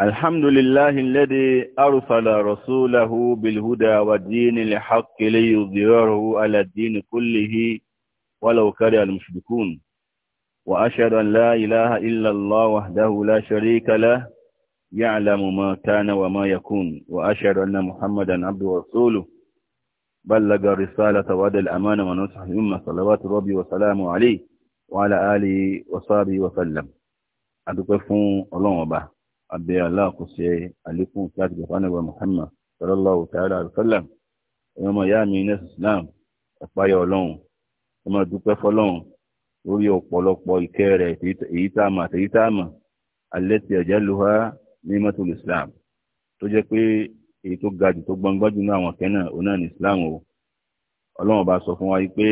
الحمد لله الذي أرسل رسوله بالهدى والدين الحق ليظهره على الدين كله ولو كره المشركون وأشهد أن لا إله إلا الله وحده لا شريك له يعلم ما كان وما يكون وأشهد أن محمدا عبد ورسوله بلغ رسالة وأدى الأمانة ونصح الأمة صلوات ربي وسلامه عليه وعلى آله وصحبه وسلم أدوك الله وبركاته abẹ́ aláàkóso alikun láti gbàgbọ́ ànábì Muhammad sallallahu ta'ala alaihi wasallam ma ọmọ ìyá mi nẹ́sì Islam ọ̀pọ̀lọpọ̀ ìkẹ́ eyi èyí tá a mọ̀ àtẹ̀yí Islam to je pe èyí tó Islam o ọlọ́run sọ fún wa yi pé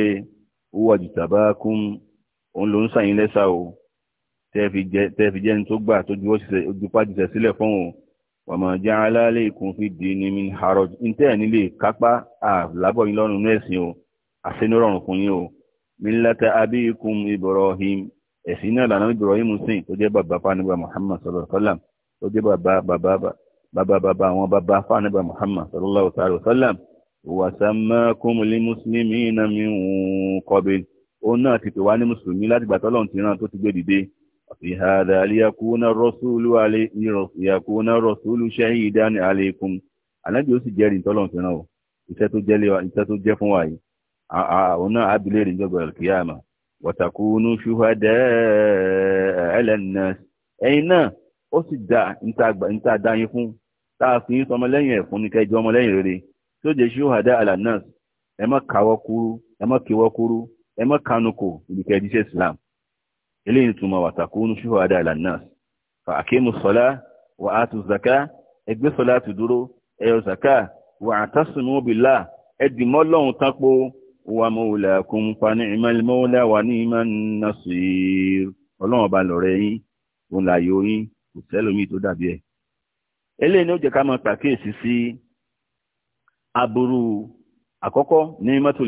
o. tẹ́ẹ̀fì jẹ́ ní tó gbà tó ju pàjùsẹ̀ sílẹ̀ fún òun wàmọ̀ jẹ́ alálẹ́ ìkún fi dì ní min harrod ntẹ́ nílé kápá àlábọ̀ yín lọ́rùn mẹ́sìn o àṣẹnirọ̀rùn fún yín o mílátà abíkún ibrahim ẹ̀sìn náà lànà ibrahim sìn tó jẹ́ bàbá fanigba muhammad sallallahu alayhi wa sallam tó jẹ́ bàbá bàbá bàbá bàbá àwọn bàbá fanigba muhammad sallallahu alayhi wa sallam wàsàmákùn lè mùsùlùmí náà mi ń kọ́bìn òun náà ti pè wá ní mùsùlùmí láti gbàtọ́lọ́run ti afiha هذا ليكون الرسول عليه يكون الرسول شهيدا عليكم Ànábì ó sì jẹ́rìí tọ́lọ́n fi ràn ó iṣẹ́ tó jẹ́ léwa iṣẹ́ tó jẹ́ fún wa yìí àwọn náà abilé rìn jọba alkiyama wàtàkùnú ṣùhàdẹ́ ẹlẹ́nà ẹ̀yin náà ó sì dá níta dáyín fún tá a fi ń sọmọ lẹ́yìn nke fún rere eléyìí túnmọ̀ wàtàkùnú ṣúhàdà ìlànàs fa àkémù sọlá wà á tu zaka ẹgbẹ́ sọlá ti dúró ẹyọ zaka wà á tásùmù bìlá ẹdìmọ́ lọ́hùn tápó wà mọ́wùlà kún pani ìmọ̀lẹ́mọ́wùlà wà ní ìmọ̀ nasir ọlọ́run ọba lọ̀rẹ́ yín òun là yóò yín kò sẹ́lómi tó dàbí ẹ̀. eléyìí ni ó jẹ́ ká máa pàkíyèsí sí aburú àkọ́kọ́ ní mọ́tò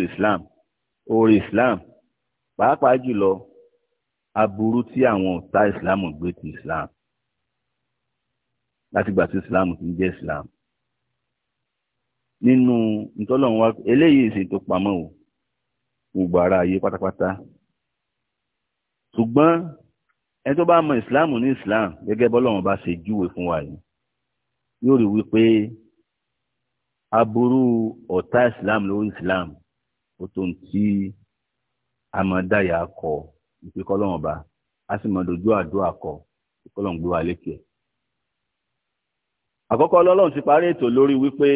aburú tí àwọn ọ̀tá islam gbé ti islam látìgbà tí islam ti ń jẹ́ islam nínú ntọ́lọ́run wa eléyìí ṣe tó pamọ́ o gbogbo ara ayé pátápátá ṣùgbọ́n ẹni tó bá mọ islam ní islam gẹ́gẹ́ bọ́lọ́run bá ṣe júwe fún wa yìí yóò rí wípé aburú ọ̀tá islam lórí islam ó tó ń tí amọ̀dáyà kọ́ ìpè kọ́lọ́wọ́n ọba a sì mọ dojú àdúrà kọ kọ́lọ́wọ́n gbé wa lékè. àkọ́kọ́ lọ́lọ́run ti parí ètò lórí wípé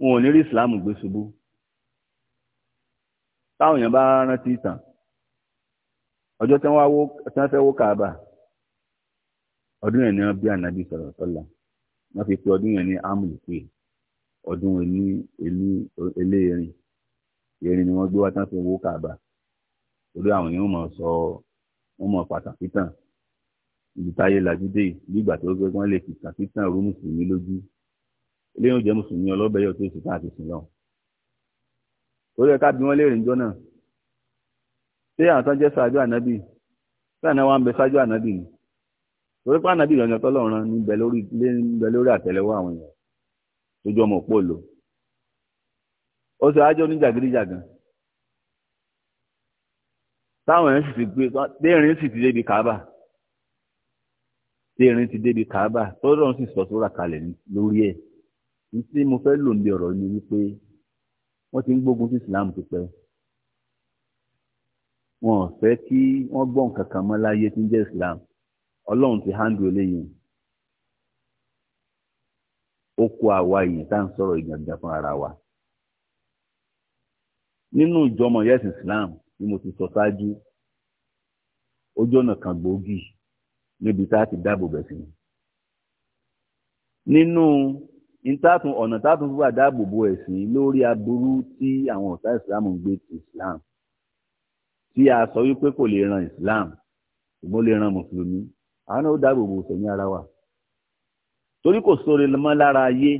wọn ò ní rí ìsìláàmù gbé ṣubú táwọn èèyàn bá rántí ìtàn ọjọ́ tí wọ́n fẹ́ wó kàábà ọdún yẹn ni wọ́n bí ànábì sọ̀rọ̀ sọ́la wọ́n fi pé ọdún yẹn ní amúlùpé ọdún ẹni ẹlẹ́ẹ̀rin ẹ̀rin ni wọ́n gbé wá tán fi wó kàábà torí àwọn èèyàn mọ̀ sọ wọ́n mọ̀ pàtàkì tàn ibi táyé lajú dé nígbà tó gbé wọn lè fi pàtàkì tàn rú mùsùlùmí lójú eléyìí ò jẹ́ mùsùlùmí ọlọ́bẹ̀yọ̀ tó sì tán àti sìn lọ́wọ́ torí ẹ̀ka bí wọ́n léèrè níjọ́ náà ṣé àwọn tán jẹ́ ṣáájú ànábì ṣé àná wa ń bẹ ṣáájú ànábì ni torí pé ànábì ìrọ̀lẹ́ tọ́lọ́run ní bẹ lórí àtẹ́lẹwọ́ àwọn èèyàn lójú ọmọ òpó lò ó ṣe ájọ́ ní táwọn èèyàn sì ti gbé déèrín sì ti débi Kaaba déèrín ti débi Kaaba tọ́lọ́run sì sọ sóra kalẹ̀ lórí ẹ̀ ní tí mo fẹ́ lò ní ọ̀rọ̀ ni wípé wọ́n ti ń gbógun sí Islam ti pẹ́ wọn ò fẹ́ kí wọ́n gbọ́ nǹkan kan mọ́ láyé tí ń jẹ́ Islam ọlọ́run ti handle eléyìí ó kó àwa yìí tá à ń sọ̀rọ̀ ìgbàgbà fún ara wa nínú ìjọmọ̀ yẹ́sì Islam bí mo ti sọ ṣáájú ó jọ́nà kan gbòógì níbi tá a ti dáàbò bẹ̀ sí. nínú ìtàtún ọ̀nà tàtún fún àdáàbò bo ẹ̀sìn lórí aburú tí àwọn ọ̀tá ìsìlámù ń gbé ti islam tí a sọ wípé kò lè ran islam ṣùgbọ́n lè ran mùsùlùmí àwọn náà ó dáàbò bo sẹ̀mí ara wa torí kò sóore mọ́ lára ayé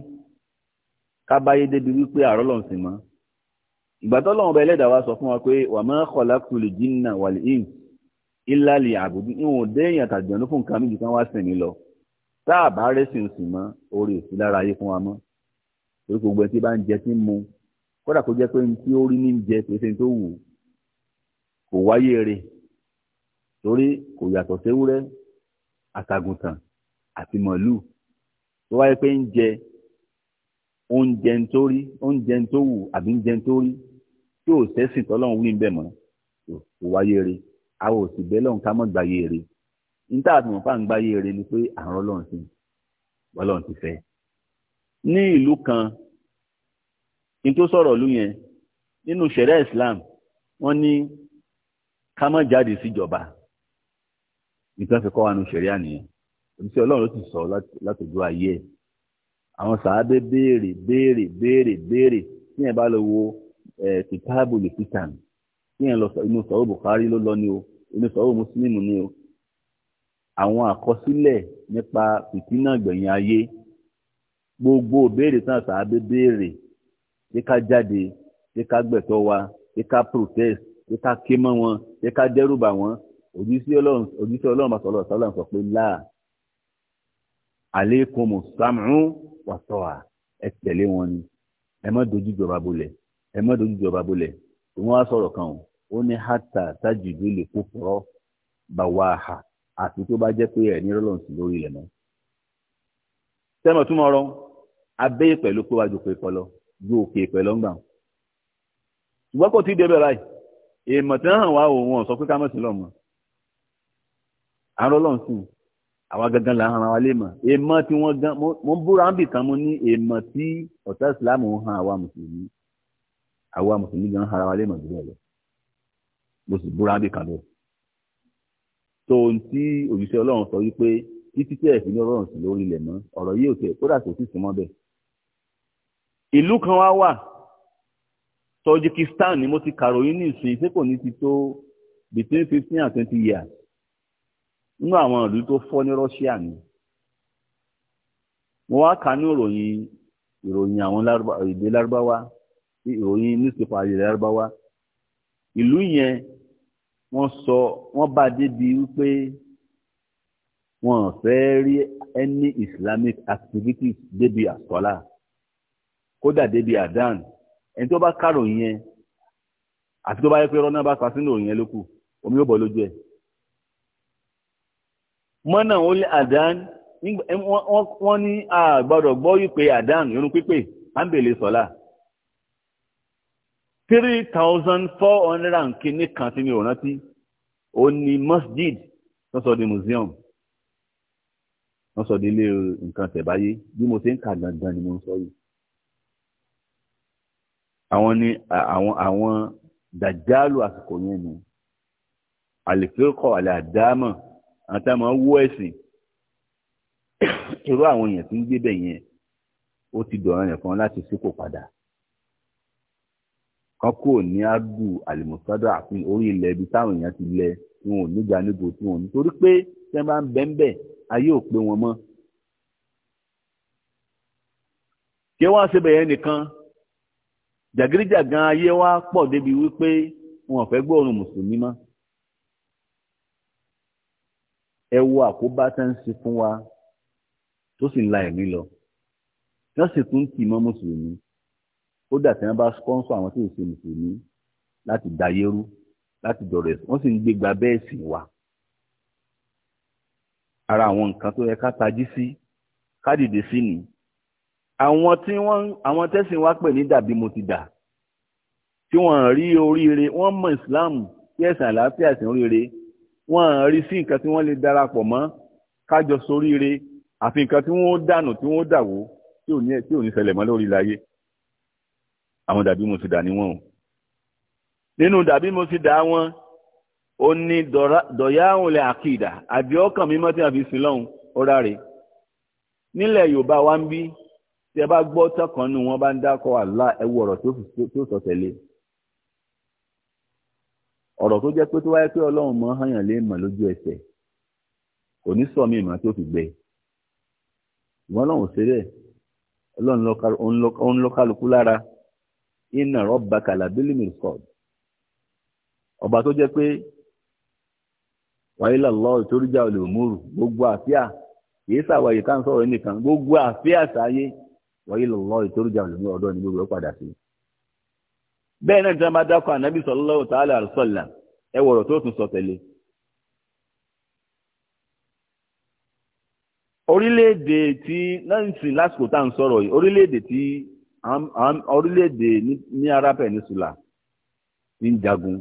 kábáyé débi wípé àárọ̀ mọ́ ìgbàtọ́lọ̀ ọba ẹlẹ́dàá wa sọ fún wa pé wà máa khalaqtu al-jinna wal-ins illa liya'budun ìwọ̀n dé èèyàn tàjọ́nú fún nǹkan méjì kan wá sìn mí lọ tá a bá rẹ́ sìn sìn mọ́ orí èsì lára ayé fún wa mọ́ torí gbogbo ẹni tí bá ń jẹ tí ń mu kódà kó jẹ́ pé ní tí ó rí ní jẹ kò ṣe tó wù kò wáyé rè torí kò yàtọ̀ séwúrẹ́ àtàgùntàn àti màlúù tó wáyé pé ń jẹ oúnjẹ ń tó rí oúnjẹ ń tó wù àbí ń ń tó rí tí ò sẹ́sìn tọ́lọ́run wí bẹ́ẹ̀ mọ́ kò wáyé rí a ò sì bẹ́ẹ̀ lọ́run ká mọ́ gbáyé rí níta àti mọ̀fà ń gbáyé rí ni pé àrùn ọlọ́run sí ọlọ́run ti fẹ́. ní ìlú kan ní tó sọ̀rọ̀ lú yẹn nínú ṣẹ̀rẹ́ Islam wọ́n ní ká mọ́ jáde síjọba nìkan fi kọ́ wa nu ṣẹ̀rẹ́ àníyàn oníṣẹ́ ọlọ́run ló ti sọ látòjú ayé ẹ̀ àwọn sàábé béèrè béèrè béèrè béèrè tí yẹn bá lọ wo Eh, kìtáàbù lè fi tàn kí yẹn lọ inú sọ̀rọ̀ Bukhari ló lọ ni o inú sọ̀rọ̀ Muslim ni o àwọn àkọsílẹ̀ nípa fìtínà gbẹ̀yìn ayé gbogbo béèrè tán sàábé béèrè ṣé ká jáde ṣé ká gbẹ̀tọ́ wa ṣé ká protest ṣé ká ké mọ́ wọn ṣé ká dẹ́rùbà wọn òjíṣẹ́ ọlọ́run òjíṣẹ́ ọlọ́run bá sọ̀rọ̀ sọ́lọ́run sọ pé láà alaykumus sam'u wa ta'a ẹ tẹ̀lé wọn ni ẹ má dojú ìjọba bolẹ̀ ẹ má dojú ìjọba bolẹ̀ wọ́n á sọ̀rọ̀ kan o ó ní hata tajidu lè kó fọ́rọ́ bá wà ha àti tó bá jẹ́ pé ẹ̀ ní rọ́lọ́n sí lórí ilẹ̀ náà. sẹ́mọ̀ túmọ̀ ọ̀rọ̀ abẹ́ pẹ̀lú pé wájú pé pọlọ ju òkè pẹ̀lú ọ̀gbà ṣùgbọ́n kò tí ì débẹ̀ báyìí èèmọ̀ tí wọ́n hàn wá òun ọ̀sọ́ pé ká mọ̀ sí lọ́mọ àárọ̀ lọ́n sùn àwa gangan là hàn wá lé mọ̀ èèmọ̀ tí wọ́n gan mo búra ń bì mo ní èèmọ̀ tí ọ̀tá ìsìlámù hàn àwa mùsùlùmí àwa mùsùlùmí gan ara wa lè mọ̀ jùlọ lọ mo sì búra bí kan lọ. tó ohun tí òjíṣẹ́ ọlọ́run sọ wípé títí tí ẹ̀sìn ọlọ́run sì lórí ilẹ̀ mọ́ ọ̀rọ̀ yìí ò tẹ̀ kódà kò sì súnmọ́ bẹ́ẹ̀. ìlú kan wá wà Tajikistan ni mo ti kàròyìn ní ìsìn ṣé kò ní ti tó between fifteen and twenty years nínú àwọn ìlú tó fọ́ ní Russia ni mo wá kà ní ìròyìn ìròyìn àwọn èdè lárúbáwá ìròyìn newspaper ilẹ̀ arúbáwá ìlú yẹn wọ́n sọ wọ́n bá débi wípé wọn fẹ́ rí any islamic activities débi àsọ́lá kódà débi àdán ẹni tó bá kárò yẹn àti tó bá yẹ pé rọ́nà bá fa sínú òyìn yẹn ló omi yóò bọ̀ lójú ẹ̀. mọ́nà ó lé àdán wọ́n ní a gbọ́dọ̀ gbọ́ wípé àdán yóò pípé à ń bèlè sọ́lá. So three thousand four hundred and kìíní kan tí mi ò rántí ó ní masjid wọ́n sọ di museum wọ́n sọ di ilé nǹkan tẹ̀báyé bí mo ṣe ń kà gangan ni mo ń sọ yìí. àwọn ni àwọn àwọn dàjálù àsìkò yẹn ni àlèfẹ́kọ̀ àlàdámọ̀ àti àmọ́ wó ẹ̀sìn irú àwọn èèyàn tí ń gbé bẹ̀ yẹn ó ti dọ̀ràn yẹn fún wọn láti sípò padà kán kò ní ágù àlìmọ̀sádà àfin orí ilẹ̀ ibi táwọn èèyàn ti lẹ tí wọn ò nígbà níbo tí wọn ò ní torí pé tí wọn bá ń bẹ́ ń bẹ̀ ayé ò pé wọn mọ́. kí wọ́n ṣe bẹ̀yẹn nìkan jàgídíjàgan ayé wa pọ̀ débi wípé wọn fẹ́ gbóòórùn mùsùlùmí mọ́. ẹ wo àkóbá tá ń ṣe fún wa tó sì ń la ẹ̀mí lọ wọ́n sì tún tì mọ́ mùsùlùmí kódà tí wọ́n bá sponsor àwọn tí ì ṣe mùsùlùmí láti dayérú láti dọ̀rọ̀ ẹ̀sìn wọ́n sì ń gbégbá bẹ́ẹ̀ sì wá. ara àwọn nǹkan tó yẹ ká tají sí ká dìde sí ni àwọn tí wọ́n àwọn tẹ́sìn wá pè ní dàbí mo ti dà tí wọ́n rí oríire wọ́n mọ Islam tí ẹ̀sìn àlàáfíà ẹ̀sìn oríire wọ́n rí sí nǹkan tí wọ́n lè darapọ̀ mọ́ kájọ soríire àfi nǹkan tí wọ́n dànù tí wọ́n dàwó tí ò ní ṣẹlẹ̀ mọ́ lórí ilẹ̀ ayé àwọn dàbí mo ti dà ní wọn o nínú dàbí mo ti dà wọn ó ní dọ̀yáhùn lẹ àkìdà àbí ọkàn mímọ́ tí a fi sin lọ́hùn ó ráre nílẹ̀ yorùbá wa ń bí tí ẹ bá gbọ́ tọkàn nù wọn bá ń dákọ̀ àlá ẹwú ọ̀rọ̀ tó sọ tẹ̀lé ọ̀rọ̀ tó jẹ́ pé tó wáyé pé ọlọ́run mọ̀ hàyàn lé mọ̀ lójú ẹsẹ̀ kò ní sọ mí mọ̀ tó fi gbẹ ìwọ́n ọlọ́run ṣeré ọlọ́run ló kálukú lára iná ọba tó jẹ pé wàhálà lọ torí jà olè gbogbo àfíà ń gbogbo àfíà sáyé wàhálà olè ni gbogbo ẹ̀ padà sí. bẹ́ẹ̀ náà tí dákọ̀ ànábì sallallahu ẹ wọ̀rọ̀ tó tún sọ tẹ̀lé. orílẹ̀-èdè tí náà ń sìn lásìkò tá à ń sọ̀rọ̀ yìí orílẹ̀-èdè tí orílẹ̀-èdè ní ará peninsula ti ń jagun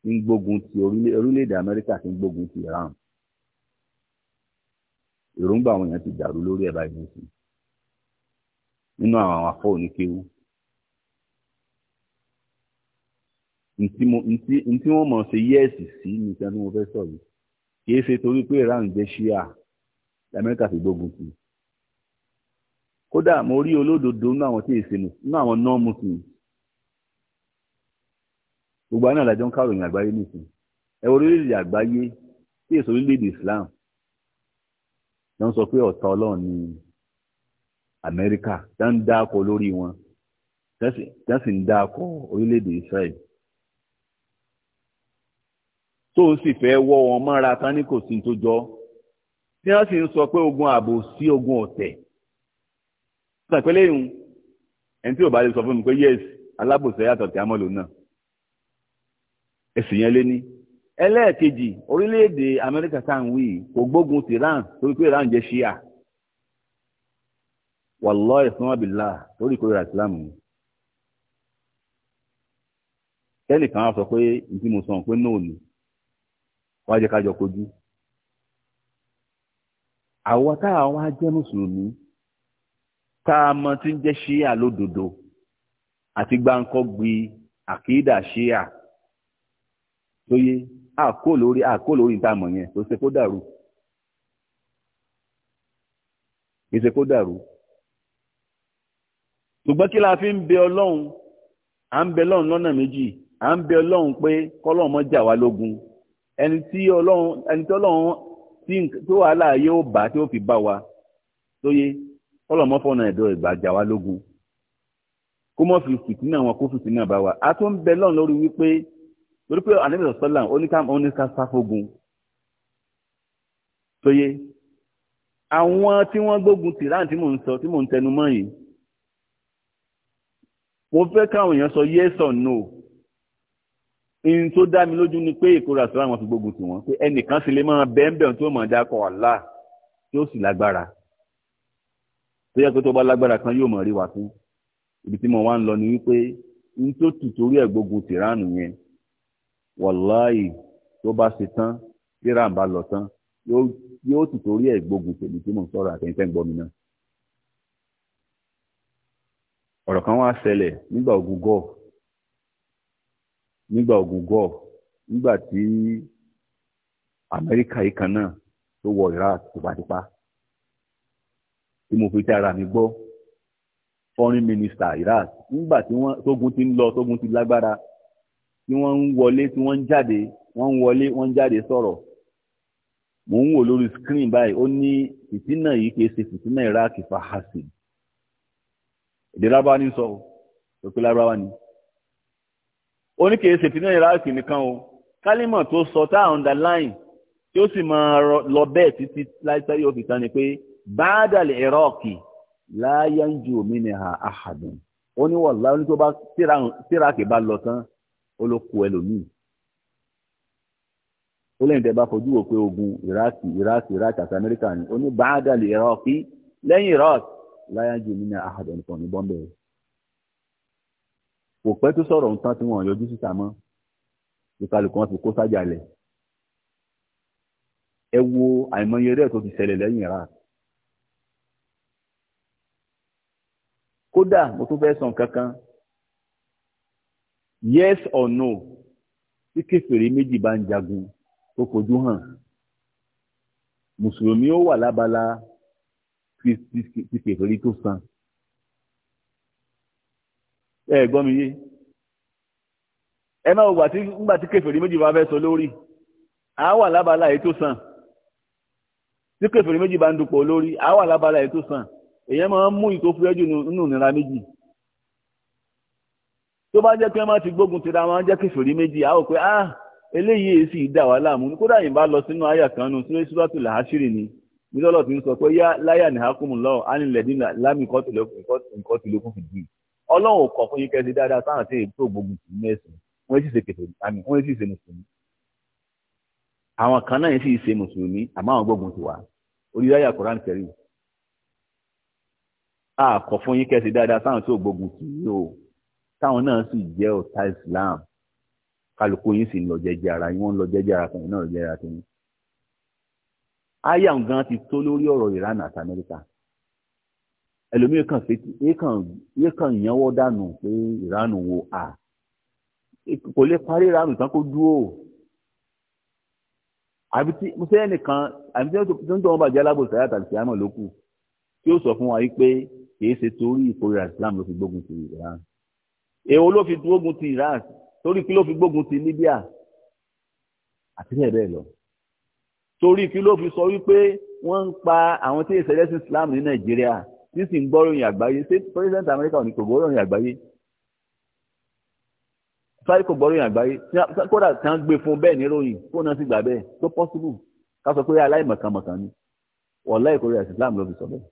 ti ń gbógun ti orílẹ̀-èdè amẹ́ríkà ti ń gbógun ti iran èròǹgbà àwọn èèyàn ti dàrú lórí ẹ̀ báyìí nìyí nínú àwọn afọ oníkéwú ntí wọ́n mọ̀ ṣe yẹ́ẹ̀sì sí nìkan tí mo fẹ́ sọ yìí kì í ṣe torí pé iran jẹ́ ṣíà amẹ́ríkà ti gbógun ti kódà mo rí olódodo nínú àwọn tí èsì nínú àwọn non-muslim gbogbo àwọn àlàjọ ń káròyìn àgbáyé nìsín ẹ wo orílẹ̀-èdè àgbáyé tí èso orílẹ̀ Islam ló ń sọ pé ọ̀tá ọlọ́run ní Amẹ́ríkà tá ń dáko lórí wọn tá sì ń dáko orílẹ̀-èdè Israel tó sì fẹ́ wọ́ wọn mọ́ra tán ní kò sí tó jọ tí wọ́n sì ń sọ pé ogun ààbò sí ogun ọ̀tẹ̀ sọ pé lẹ́yìn ẹni tí ò bá lè sọ fún mi pé yes alábòsẹ̀ yàtọ̀ tí a mọ̀ lò náà ẹ̀sìn yẹn lé ní. ẹlẹ́ẹ̀kejì orílẹ̀-èdè amẹ́ríkà tá à ń wí kò gbógun ti iran torí pé iran jẹ́ ṣíà wallahi sọ́mọ́ bìlá torí ìkórira ìsìlámù kẹ́nìkan á sọ pé n mo sọ pé náà ni wàá jẹ́ ká jọ kojú. àwa tá a wá jẹ́ mùsùlùmí tá a mọ tí ń jẹ́ ṣíà lódodo àti gbáǹkọ́gbi àkídà ṣíà tó yé àkó lórí àkó lórí níta mọ̀ yẹn tó ṣe kó dàrú kì í ṣe kó dàrú ṣùgbọ́n kí la fi ń bẹ ọlọ́run à ń bẹ ọlọ́run lọ́nà méjì à ń bẹ ọlọ́run pé kọ́lọ́run mọ́ jà wá lógun ẹni tí ọlọ́run ẹni tí ọlọ́run tí wàhálà yóò bá tí ó fi bá wa tó yé kọlọmọ fọnà ẹdọ ìgbàjà wa lógun kó mọ fi fìtínà wọn kó fìtínà bá wa a tó ń bẹ lọ́n lórí wípé lórí pé ànábì sọ́lá oníkà sáfógun tóyé àwọn tí wọ́n gbógun tì láǹtí mò ń sọ tí mò ń tẹnu mọ́ yìí mo fẹ́ káwọn èèyàn sọ yes or no ihun tó dá mi lójú ni pé ìkórà sọ́ra wọn fi gbógun tì wọ́n pé ẹnìkan sì lè máa bẹ́ẹ̀ bẹ́ẹ̀ tó mọ̀ dákọ̀ ọ̀la tí ó sì lágbára tó yẹ pé tó bá lágbára kan yóò mọ̀ rí wa fún ibi tí mo wá ń lọ ni wípé n tó tù torí ẹ̀ gbógun tìránù yẹn wàláì tó bá ṣe tán tíra ń bá lọ tán yóò tù torí ẹ̀ gbógun tèmi tí mo ń sọ̀rọ̀ àtẹ̀yìntẹ́ ń gbọ́ mi náà. ọ̀rọ̀ kan wá ṣẹlẹ̀ nígbà ogun gọ́ọ̀ nígbà ogun gọ́ọ̀ nígbà tí Amẹ́ríkà yìí kan náà tó wọ Iraq tipátipá tí mo fi tara mi gbọ́ foreign minister Iraq nígbà tí wọ́n tógun ti ń lọ tógun ti lágbára tí wọ́n ń wọlé tí wọ́n ń jáde wọ́n ń wọlé wọ́n ń jáde sọ̀rọ̀ mò ń wò lórí screen báyìí ó ní fìtínà yìí kìí ṣe fìtínà Iraq fahasin èdè lábáwá ní sọ òpè lábáwá ni ó ní kìí ṣe fìtínà Iraq nìkan o kálímọ̀ tó sọ tá underline tí ó sì máa lọ bẹ́ẹ̀ títí láìpẹ́ yóò fi tán ni pé báàdà ìrọ́ọ̀kì láyé ń ju omi ni ha àhàdùn to ba wàlá ó ní tó bá lọ tán ó ogun iraki iraki iraki ni ó ni àhàdùn nìkan ní bọ́ńbẹ́ kò pẹ́ tó sọ̀rọ̀ nǹkan tí wọ́n yọjú síta mọ́ ìkàlùkù wọn ti kó sájà lẹ̀ ẹ wo àìmọye tó ti ṣẹlẹ̀ kódà mo tún fẹ́ sọ nǹkan kan yes or no tí kèfèrí méjì bá ń jagun tó fojú hàn mùsùlùmí ó wà lábala ti kèfèrí tó san ẹ gbọ́ mi yé ẹ máa wò gbà tí kèfèrí méjì bá fẹ́ sọ lórí àá wà lábala èyí tó san tí kèfèrí méjì bá ń dupò lórí àá wà lábala èyí tó san èyàn máa ń mú ìtò fúrẹ́jù nínú ìnira méjì tó bá jẹ́ pé wọ́n ti gbógun tira wọn jẹ́ kẹfìrí méjì àá ò pé ah eléyìí sì dà wá láàmú kódà yìí bá lọ sínú àyà kan nù sílé síwájú làásìrì ni nítorí ọ̀tún sọ pé yá láyà ní hákùmù lọ́wọ́ ánilẹ̀dín lámì kọ́ tìlókùn fìdí ọlọ́run ò kọ̀ fún yín kẹ́sí dáadáa sáà sí ètò gbógun tì mẹ́sìn wọ́n sì ṣe kẹfìrí àmì wọ́n sì ṣe mùsùlùmí àwọn kan náà sì ṣe mùsùlùmí àmọ́ àwọn gbógun tì wá orí láyà Kùránì kẹrin àkọ́ fún yín kẹ́sì dáadáa sáwọn tí ò gbógun tì í o táwọn náà sì jẹ́ ọ̀tá Islam kálukú yín sì ń lọ jẹ́jẹ́ ara yín wọ́n ń lọ jẹ́jẹ́ ara kan náà lọ jẹ́jẹ́ ara kan yín. aya ngan ti tó lórí ọ̀rọ̀ Iran àti Amẹ́ríkà ẹlòmíì kan fetí yé kan ìyànwọ́ dànù pé Iran wo a kò lè parí Iran tán kó dúró àbí tí mo nìkan àbí tí wọ́n tó ń bàjẹ́ alábòsí ayé àtàlùfẹ́ àmọ́ ló tí ó sọ fún wa yìí pé kìí ṣe torí ìkórira islam ló fi gbógun ti iran èwo ló fi gbógun ti iran torí kí ló fi gbógun ti libya àti bẹ́ẹ̀ bẹ́ẹ̀ lọ torí kí ló fi sọ wípé wọ́n ń pa àwọn tí ìṣẹ̀lẹ̀ sí islam ní nàìjíríà tí sì ń gbọ́ròyìn àgbáyé ṣé president america ò ní kò gbọ́ròyìn àgbáyé sáré kò gbọ́ròyìn àgbáyé kódà tí wọ́n gbé fún bẹ́ẹ̀ níròyìn kó náà sì gbà bẹ́ẹ̀ tó possible ká sọ pé aláìmọ̀kànmọ̀kàn ni wọ́n láì kórè islam ló fi sọ bẹ́ẹ̀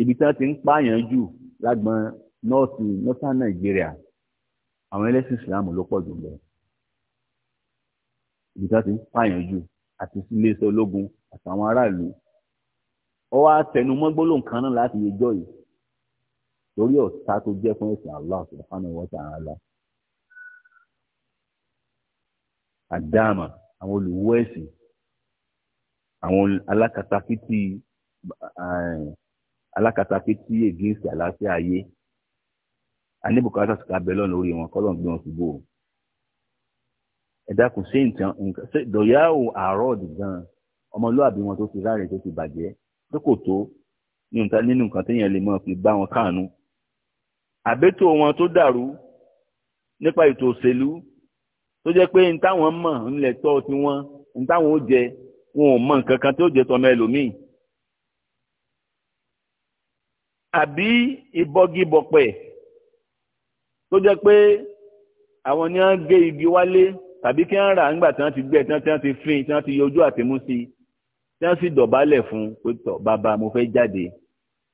ibi tí wọ́n ti ń pààyàn jù lágbọn nọ́ọ̀sì northern Nigeria àwọn ẹlẹ́sìn Islam ló pọ̀ jù lọ ibi tí wọ́n ti ń pààyàn jù àti iléeṣẹ́ ológun àtàwọn aráàlú ó wá tẹnumọ́ gbólóhùn kan náà láti yẹjọ́ yìí torí ọ̀tá tó jẹ́ fún ẹ̀sìn Allah subhanahu wa ta'ala àdáàmà àwọn olùwọ́ ẹ̀sìn àwọn alákatakítí alákatakítí against àlàáfíà ayé anibukata ti ka bẹ lọ́nà orí wọn kọ́lọ́n gbé wọn ṣubú o ẹ dákun ṣé nǹkan nǹkan dọ̀yà ò àárọ̀dì gan-an ọmọlúwàbí wọn tó ti láre tó ti bàjẹ́ tó kò tó nínú nǹkan téèyàn lè mọ̀ fi bá wọn káàánú àbẹ́tò wọn tó dàrú nípa ètò òṣèlú tó jẹ́ pé n táwọn mọ̀ ńlẹ̀ tiwọn n táwọn ó jẹ wọn ò mọ̀ nǹkan kan tó jẹ tọmọ ẹlòmíì àbí ìbọgi bọ̀pẹ̀ tó jẹ́ pé àwọn ni wọ́n gé igi wálé tàbí kí wọ́n rà nígbà tí wọ́n ti gbẹ́ tí wọ́n ti fín tí wọ́n ti yọjú àtìmú sí tí wọ́n sì dọ̀bálẹ̀ fún pé tọ̀ bàbá mo fẹ́ jáde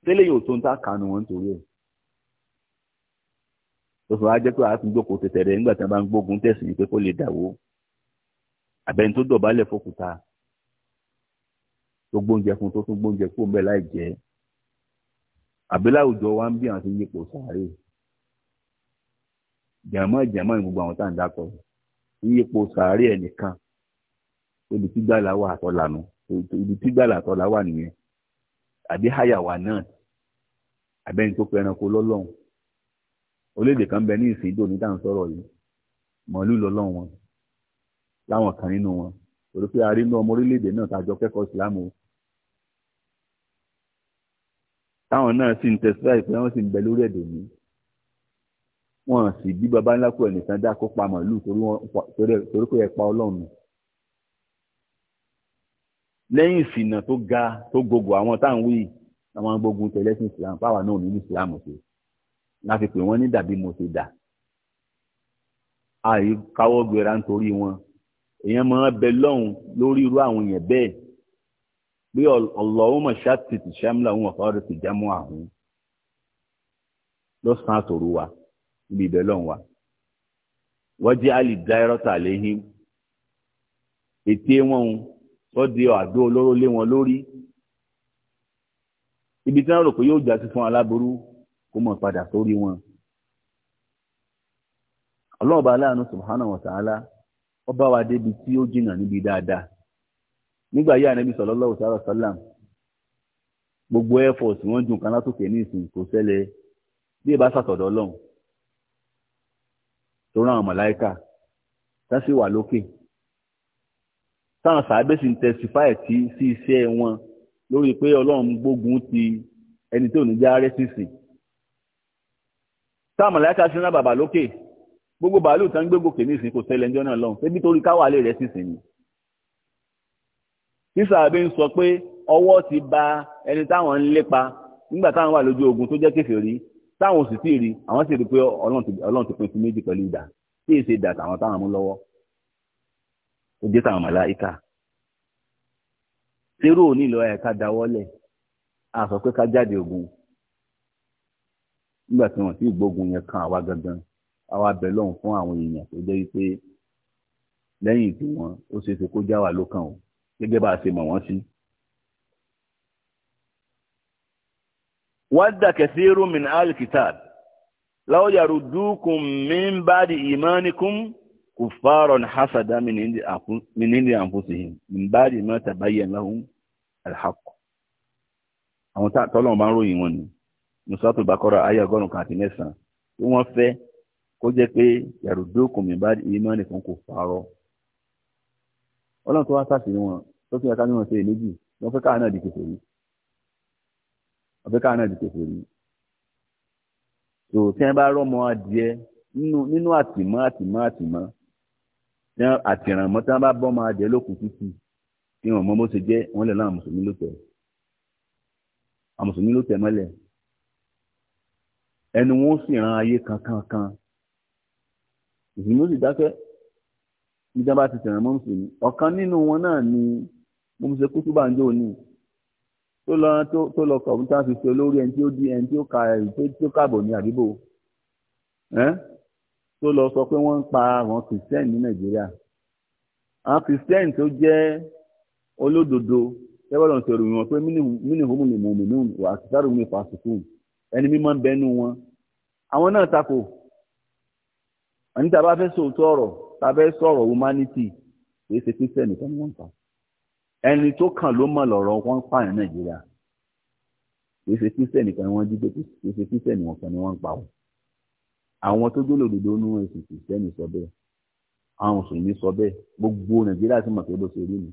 tẹ́lẹ̀ yóò tó ń ta kànú wọn nítorí ẹ̀ lọ́sọ̀ wá jẹ́ pé a tún jókòó tẹ̀tẹ̀rẹ̀ nígbà tí wọ́n bá ń gbógun tẹ̀sìn pé kó lè dàwó àbẹ̀ni tó dọ̀bálẹ̀ fòkúta tó gbóúnjẹ fún tó tún gbóúnjẹ kó ń láì jẹ́ àbíláwùjọ wa ń bí àwọn ti yípo sàárè jàmọ́ jàmọ́ ní gbogbo àwọn tá à ń dákọ̀ yípo sàárè ẹnìkan ibi tí gbàlà wà àtọ́là nù ibi tí gbàlà àtọ́là wà nìyẹn àbí háyàwá náà àbẹ́ni tó fẹ́ràn kó lọ́lọ́run olédè kan bẹ ní ìsìn ìdò níta ń sọ̀rọ̀ yìí mọ̀lú lọ́lọ́run wọn láwọn kan nínú wọn torí pé a rí inú ọmọ orílẹ̀-èdè náà tá a jọ kẹ́kọ̀ọ́ táwọn náà sì ń tẹ̀síwájú pé wọ́n sì ń bẹ lórí ẹ̀dọ̀ ní wọ́n sì bí baba ńlá kú ẹnìkan dá kó pa màálù torí pé ẹ pa ọlọ́run lẹ́yìn ìsìnà tó ga tó gogò àwọn táwọn wí àwọn gbógun tẹ̀lẹ́sìn Islam fáwọn náà ní Islam ṣe láti pè wọ́n ní dàbí mo ṣe dà àyíkáwọ́ gbéra nítorí wọn èèyàn máa bẹ lọ́hùn lórí irú àwọn èèyàn bẹ́ẹ̀ bí Allahumma ṣàtìtì ṣàmìlà òun ọ̀fọ́rọ̀ ti jámú àhún lọ́sàn-án àtòru wa níbi ìbẹ̀ lọ́n wa wọ́n jẹ́ àlì dáírọ́tà lẹ́yìn ètè wọn tó di àdó olóró ibi tí wọ́n rò pé yóò sí fún aláboru kó mọ̀ padà wọn. ọlọ́ọ̀bá aláàánú subhanahu wa ta'ala ọba wa jìnnà níbi dáadáa. nígbà yá ànábì sallallahu alaihi wasallam gbogbo effort wọ́n ju nǹkan látòkè ní ìsìn kò ṣẹlẹ̀ bí ìbá sàtọ̀dọ̀ ọlọ́run tó rán àwọn màláíkà tán sì wà lókè táwọn sàábé sì ń testify tí sí iṣẹ́ wọn lórí pé ọlọ́run gbógun ti ẹni tó ní já rẹ́sìsìn táwọn màláíkà sí rán bàbà lókè gbogbo bàálù tán gbégbòkè ní ìsìn kò ṣẹlẹ̀ ńjọ́ náà lọ́hùn ṣé nítorí káwálé rẹ̀ sísìn ni sísàbí ń sọ pé ọwọ́ ti ba ẹni táwọn ń lépa nígbà táwọn wà lójú ogun tó jẹ́ kèfèrí táwọn sì ti rí àwọn sì rí pé ọlọ́run ti pín sí méjì pẹ̀lú ìdà tí èsì ìdà táwọn táwọn mú lọ́wọ́ ó dé táwọn màláìka tẹ́rù ò nílò ẹ̀ ká dáwọ́lẹ̀ a sọ pé ká jáde ogun nígbà tí wọ́n sì gbógun yẹn kan àwa gangan àwa bẹ̀ lọ́hùn fún àwọn èèyàn tó jẹ́ wípé lẹ́yìn tí wọ́n ó ṣeé ṣe kó já wa lókàn o gẹ́gẹ́ bá a ṣe mọ̀ wọ́n sí. wadda kathiru min al-kitab law yarudukum min ba'di imanikum kuffaran hasada min indi anfusihim min ba'di ma tabayyana lahum al-haqq àwọn tọ́lọ̀ bá ń ròyìn wọn ni nusratu bakora ayé ọgọ́rùn-ún kan àti mẹ́sàn-án tí wọ́n fẹ́ kó jẹ́ pé yarudukum min ba'di imanikum kuffaran ọlọ́run tó wá sàṣírí wọn tó fi ẹ̀ka ní wọn ṣe èléjì wọn fẹ́ káà náà di kèfèrí wọn fẹ́ káà náà di kèfèrí tó tí wọn bá rọmọ adìẹ nínú àtìmọ́ àtìmọ́ àtìmọ́ àtìrànmọ́ tí wọn bá bọ́ ọmọ adìẹ lókun títì kí wọn mọ bó ṣe jẹ́ wọn lè láwọn mùsùlùmí ló tẹ̀ àwọn mùsùlùmí ló tẹ̀ mọ́lẹ̀ ẹnu wọn sì ran ayé kankan kan ìsìnkú sì dákẹ́ nígbà bá ti tẹ̀ràn mọ́mùsùlùmí ọ̀kan nínú wọn náà ni mọ́mùsùlùmí ṣe kútúbà ń jò tó lọ tó lọ kọ̀ọ̀mùtà fi ṣe olórí ẹni tí ó di ẹni tí ó ka ẹni tí ó kààbọ̀ ní àdúgbò tó lọ sọ pé wọ́n ń pa àwọn christian ní nàìjíríà àwọn christian tó jẹ́ olódodo tẹ́wọ́n lọ́n ṣe wọn pé mínú ìhòmù lè mọ̀ òmìnir wà àṣìṣàrò mi fàṣùkù ẹni mímọ́ ń bẹnu wọn àwọn náà takò wọ́n ní tàbá fẹ́ sòótọ́ ọ̀rọ̀ tàbá fẹ́ sọ̀rọ̀ humanity kìí ṣe kristian nìkan ni wọ́n ń pa ẹni tó kàn ló mọ̀ lọ́rọ̀ wọ́n ń pààyàn nàìjíríà kìí ṣe kristian nìkan ni wọ́n jí gbé kìí ṣe kristian nìkan ni wọ́n ń pa o àwọn tó gbólò dòdò nú ẹ̀sìn kristian sọ bẹ́ẹ̀ àwọn mùsùlùmí sọ bẹ́ẹ̀ gbogbo nàìjíríà sì mọ̀ pé bó ṣe rí ni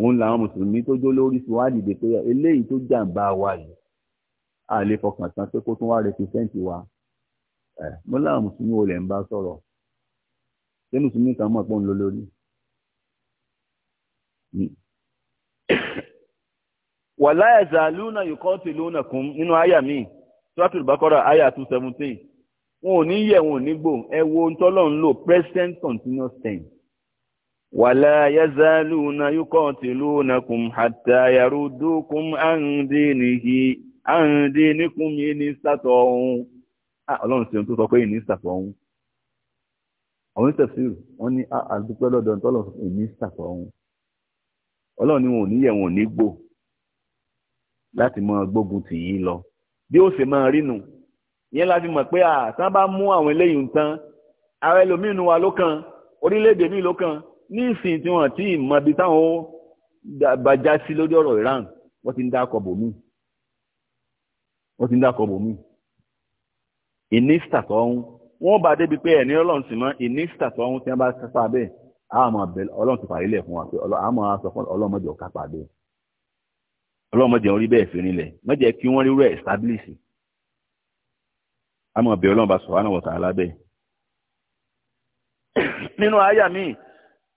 òun làwọn mùsùlùmí tó jó lórí fi wá dìde pé eléyìí tó jàǹbá wa yìí à lè fọkàn tán pé kó tún wá rẹpẹsẹ́ǹtì wa ẹ mo láwọn mùsùlùmí wo lẹ̀ ń bá sọ̀rọ̀ ṣé mùsùlùmí kan mọ̀ pé òun ló lórí. wàlá ẹ̀zà lúnà yòókọ́ ti lúnà kún nínú àyà mi sọ́tù ìbákọ́rà àyà two seventeen wọn ò ní yẹ̀ wọn ò ní gbò ẹ wo ohun tọ́lọ́ ń lò present continuous tense. wàlá ẹ̀zà lúnà yòókọ́ ti lúnà kún hatta yarudukum àǹdínìkún yìí ní sátọ̀ ọ̀hún. Ah, ọlọ́run ṣeun tó sọ pé ìní ìsàfọ̀ ọ̀hún àwọn ìṣẹ̀fìrì wọ́n ní àdúpẹ́ ah, lọ́dọ̀ tọ́lọ̀ ìní ìsàfọ̀ ọ̀hún ọlọ́run ni wọn ò ní yẹ̀ wọn ò ní gbò láti máa gbógun tì yín lọ bí ó ṣe máa rí nu ìyẹn la fi mọ̀ pé àtàn ah, bá mú àwọn eléyìí ń tán ara ẹlòmíì nu wa ló kàn orílẹ̀-èdè míì ló kàn ní ìsìn tí wọ́n ti mọ ibi táwọn bàjá sí lórí ọ̀rọ̀ Iran wọ́n ti ń dákọ̀ bòmíì wọ́n ti ń dákọ̀ bòmíì ìníṣàtọ̀ ọ̀hún wọ́n bá débi pé ẹ̀ní ọlọ́run sì mọ́ ìníṣàtọ̀ ọ̀hún tí wọ́n bá kápá bẹ́ẹ̀ àmọ́ ọlọ́run ti fàyílẹ̀ fún wa pé àmọ́ sọ fún ọlọ́mọdé ọ̀kápá bẹ́ẹ̀ ọlọ́mọdé orí bẹ́ẹ̀ fi rinlẹ̀ mọ́jẹ́ kí wọ́n rírọ̀ establish àmọ́ bẹ́ẹ̀ ọlọ́run bá sọ̀rọ̀ àwọn alábẹ́ nínú àyà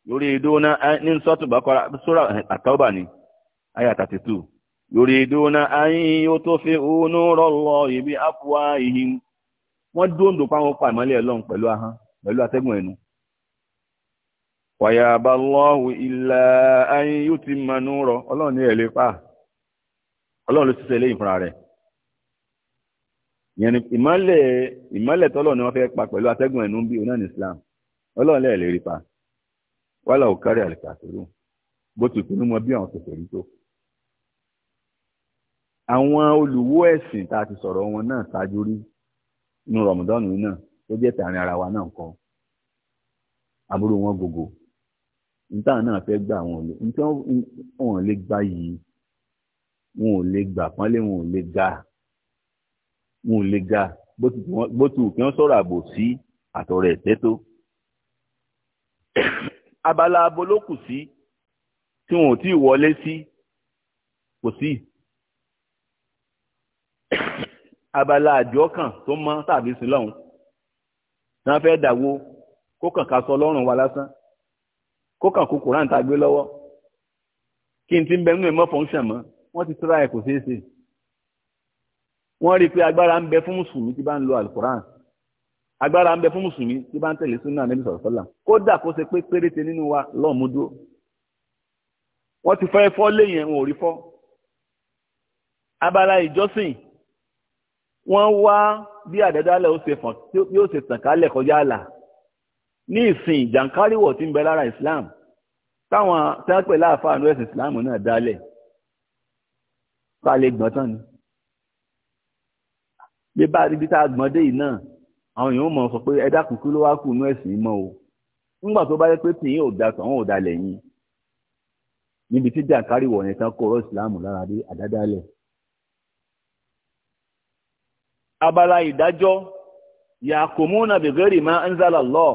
lórí ní sórà àtọ́bà ni àyà lórí ayé yóò tó fi òun rọ̀ lọ ìbí àpò wọ́n dóńdó pa wọn pa ìmọ́lẹ̀ pẹ̀lú ahọ́n pẹ̀lú atẹ́gùn ẹnu. wàyà abalọ́hu ilà ayé yóò ti mmanú rọ ọlọ́run ní ẹ̀lẹ́ pa ọlọ́run ló ṣiṣẹ́ fúnra rẹ̀. tọ́lọ̀ pa pẹ̀lú atẹ́gùn ẹnu bí Islam ọlọ́run lẹ́ẹ̀lẹ́ ò kárí bó ti pinnu mọ bí a ti inú rọmọdọ́nù yìí náà ó jẹ́ tààrin ara wa náà kọ́ aburú wọn gbogbo níta náà fẹ́ gbà wọn lè níta wọn lè gbà yìí wọn ò lè gbà pọ́nlé wọn ò lè ga wọn ò lè ga bó ti wù kí wọ́n sọ̀rọ̀ àbò sí àtọ̀rọ̀ ẹ̀tẹ́ tó abala abolókù sí tí wọn ò tí ì wọlé sí kò sí. Si abala àjọkàn tó mọ́ tàbí sí lọ́hùn tí wọ́n fẹ́ dàwó kó kàn ká sọ lọ́rùn wa lásán kó kàn kó kòrán tá a gbé lọ́wọ́ kí n ti ń bẹ nínú ẹ̀mọ́ fọ́nṣàn mọ́ wọ́n ti tíra ẹ̀ kò ṣeé ṣe wọ́n rí i pé agbára ń bẹ fún mùsùlùmí tí bá ń lo alukoran agbára ń bẹ fún mùsùlùmí tí bá ń tẹ̀lé súnà níbi sọ̀rọ̀ sọ́là kódà kó ṣe pé péréte nínú wa lọ́ọ̀múdó wọ́n ti fẹ́ fọ́ léyìn wọn ò rí fọ́ abala ìjọsìn wọ́n wá bí àdẹ́dálẹ̀ ó ṣe fàn bí ó ṣe tàn kálẹ̀ kọjá àlà ní ìsìn ìjànkáríwọ̀ tí ń bẹ lára Islam táwọn tẹ́ńpẹ̀ láàfáà ní ẹ̀sìn Islam náà dálẹ̀ tá a lè gbọ́n tán ni bí bá ibi tá a gbọ́n dé yìí náà àwọn èèyàn mọ̀ sọ pé ẹ̀dá kúkú ló wá kù ní ẹ̀sìn mọ́ o nígbà tó bá yẹ pé tìyín ò da tọ̀hún ò dalẹ̀ yín níbi tí jàǹkáríwọ̀ yẹn tán kó ọ̀rọ̀ Islam lára dé àdádálẹ̀ abala ìdájọ́ yàkùmúnà bìgẹ́rì máa ń zálà lọ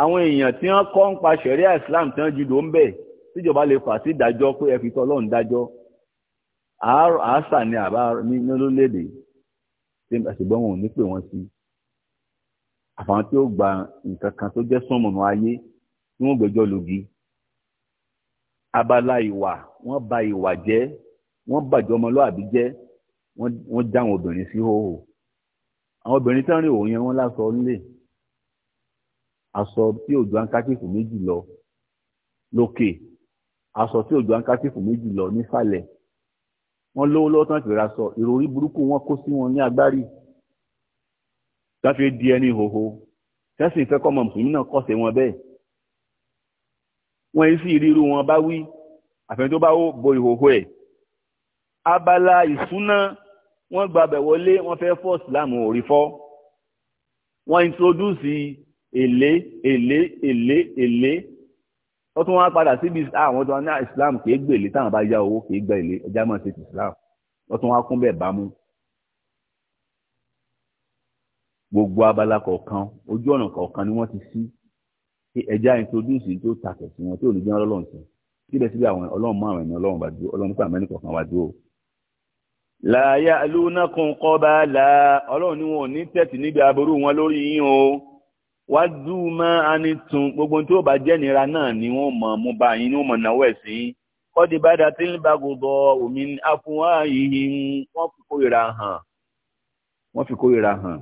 àwọn èèyàn tí wọ́n kọ́ ń pa ṣẹ̀ríà islam tí wọ́n jùlọ ń bẹ̀ tíjọba lè fà sí ìdájọ́ pé ẹ fi tọ́ ọlọ́run dájọ́ àásà ni àbá ní lórílẹ̀‐èdè tí àṣìgbọ́n wọn ò ní pè wọ́n sí àfàwọn tí ó gba nǹkan kan tó jẹ́ sọ́mọ̀nù ayé tí wọ́n gbẹ́jọ́ lògì abala ìwà wọ́n ba ìwà jẹ́ wọ́n bàjọ́ ọmọlúwàbí jẹ́ wọ́n já àwọn obìnrin sí hóhò àwọn obìnrin tán rìn òun yẹn wọ́n láṣọ ńlé aṣọ tí òjò ankátífù méjì lọ lókè aṣọ tí òjò ankátífù méjì lọ nísàlẹ̀ wọ́n lówó lọ́wọ́ tán kìí raṣọ ìròrí burúkú wọn kó sí wọn ní agbárí tá fi di ẹni hòhò tẹ́sí ìfẹ́ kọ́ ọmọ mùsùlùmí náà kọ́sẹ̀ wọn bẹ́ẹ̀ wọ́n yìí sì ríru wọn bá wí àfẹ́ni tó bá bo ìhòhò ẹ̀ abala ìsúná wọ́n gbàbẹ̀ wọlé wọ́n fẹ́ fọ́ islam orí fọ́ wọ́n introduce èlé èlé èlé èlé wọ́n tún wá padà síbi àwọn tó wá ní islam kìí gbèlé táwọn bá yá owó kìí gbà èlé ẹja mọ̀ sí islam wọ́n tún wá kún bẹ́ẹ̀ bámú. gbogbo abala kọ̀ọ̀kan ojú ọ̀nà kọ̀ọ̀kan ni wọ́n ti sí ẹja introduce tó takẹ̀ sí wọn tó ní jẹ́ ọlọ́run sí síbẹ̀síbẹ̀ àwọn ọlọ́run márùn-ún ọlọ́run bá dúró ọlọ́run pàmẹ́nì kọ̀ọ̀kan wá dúró láyà lónàkùn kọba là ọlọ́run ni wọn ò ní tẹ̀sí níbi aburú wọn lórí yín o wá dùn mọ́ anitun gbogbo tí ó bá jẹ́ nira náà ni wọ́n mọ̀ mú bá yín ni wọ́n mọ̀ náwó ẹ̀ sí kọ́dí bá dá tí ń bá gbogbo omi afúnwá yìí wọ́n fi kórìíra hàn wọ́n fi kórìíra hàn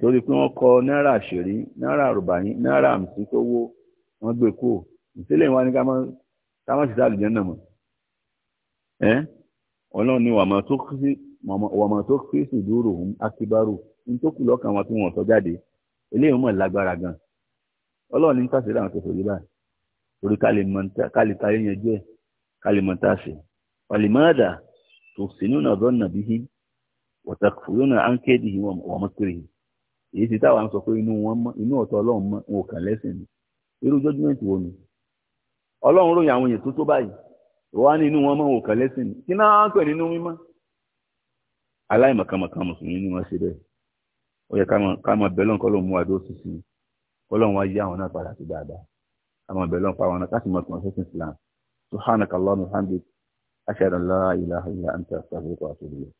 torí pé wọ́n kọ náírà àṣírí náírà àrùbáyín náírà àmì tó wó wọ́n gbé kúrò ìtẹ́lẹ̀ wa ni ká má ṣiṣẹ́ àlùjẹ́ náà mọ̀ ọlọ́run ni wàmọ̀ tó fi sùdúrò hùm akíbárò ní tó kù lọ́kàn wọn tí wọ́n sọ jáde eléyìí mọ̀ lágbára gan ọlọ́run ní tàṣírí àwọn tó sòrí báyìí torí kálí ta yẹn jẹ́ kálí mọ̀ tàṣí ọ̀lìmọ́dà tó sì nínú ọ̀dọ́ nàbí hí wọ̀tàkùrú náà á ń kéde wọ́n mọ̀ kiri èyí ti táwa sọ pé inú ọ̀tọ̀ ọlọ́run wọn ò kàn lẹ́sìn ní irú jọ́júmẹ́ǹtì wo ni ọlọ́run ròyìn àwọn èèyàn tó tó báyìí wa ní inú wọn mọ̀ òkà lẹ́sìn ní kí náà pẹ̀ nínú mímọ́ aláìmọ̀kànmọ̀kàn mùsùlùmí ni wọ́n ṣe bẹ́ẹ̀ ó yẹ ká mọ̀ bẹ́ẹ̀ lọ́nkọ́ lòun mú adó sísìn kọ́lọ́n wá yí àwọn náà padà sí dáadáa ká mọ̀ bẹ́ẹ̀ lọ́nkọ́ àwọn náà káṣí mọ̀ kàn an